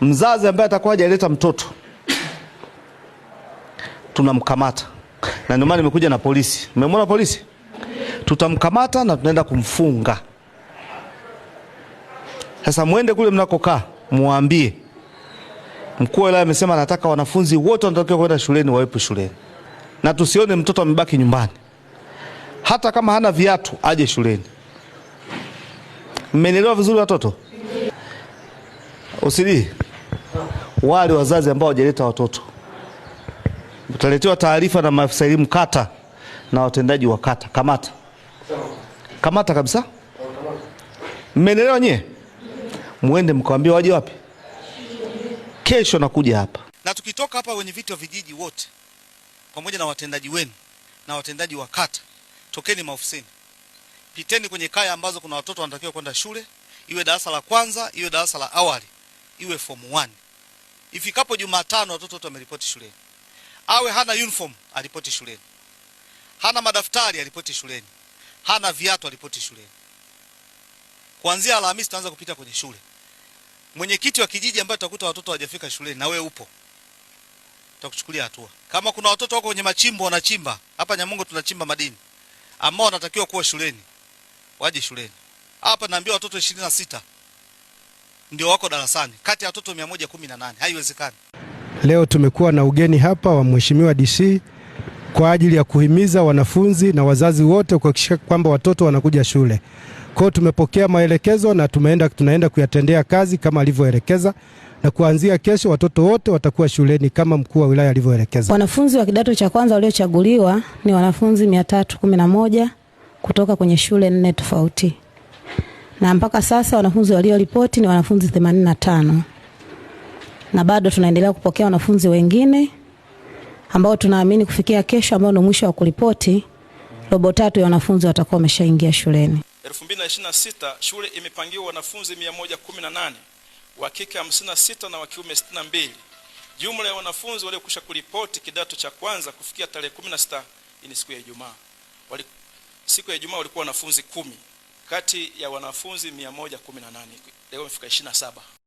Mzazi ambaye atakuwa hajaleta mtoto tunamkamata, na ndio maana nimekuja na polisi. Mmemwona polisi? Tutamkamata na tunaenda kumfunga. Sasa mwende kule mnakokaa, muambie mkuu wa wilaya amesema anataka wanafunzi wote wanatakiwa kwenda shuleni wawepo shuleni, na tusione mtoto amebaki nyumbani. Hata kama hana viatu aje shuleni. Mmenielewa vizuri watoto? usilii wale wazazi ambao hawajaleta watoto. Utaletewa taarifa na maafisa elimu kata na watendaji wa kata, kamata kamata kabisa. Mmeelewa nyie? Muende mkawaambia waje wapi, kesho nakuja hapa. Na tukitoka hapa, wenye viti wa vijiji wote pamoja na watendaji wenu na watendaji wa kata, tokeni maofisini, piteni kwenye kaya ambazo kuna watoto wanatakiwa kwenda shule, iwe darasa la kwanza, iwe darasa la awali, iwe form 1 ifikapo Jumatano watoto wote wameripoti shuleni. Awe hana uniform aripoti shuleni, hana madaftari aripoti shuleni, hana viatu aripoti shuleni. Kuanzia Alhamisi tutaanza kupita kwenye shule. Mwenyekiti wa kijiji ambaye tutakuta watoto hawajafika shuleni na wewe upo, tutakuchukulia hatua. Kama kuna watoto wako kwenye machimbo wanachimba, hapa Nyamungo tunachimba madini, ambao wanatakiwa kuwa shuleni waje shuleni. Hapa naambiwa watoto ishirini na sita ndio wako darasani kati ya watoto 118. Haiwezekani. Leo tumekuwa na ugeni hapa wa Mheshimiwa DC kwa ajili ya kuhimiza wanafunzi na wazazi wote kuhakikisha kwamba watoto wanakuja shule. Kwa hiyo tumepokea maelekezo na tumeenda, tunaenda kuyatendea kazi kama alivyoelekeza, na kuanzia kesho watoto wote watakuwa shuleni kama mkuu wa wilaya alivyoelekeza. Wanafunzi wa kidato cha kwanza waliochaguliwa ni wanafunzi 311 kutoka kwenye shule nne tofauti na mpaka sasa wanafunzi walioripoti ni wanafunzi 85 na bado tunaendelea kupokea wanafunzi wengine ambao tunaamini kufikia kesho, ambao ni mwisho wa kuripoti, robo tatu ya wanafunzi watakuwa wameshaingia shuleni. 2026 shule imepangiwa wanafunzi 118 wa kike 56 na wa kiume 62. Jumla ya wanafunzi waliokwisha kuripoti kidato cha kwanza kufikia tarehe 16 ni siku ya Ijumaa, siku ya Ijumaa walikuwa wanafunzi kumi kati ya wanafunzi 118 leo imefika 27.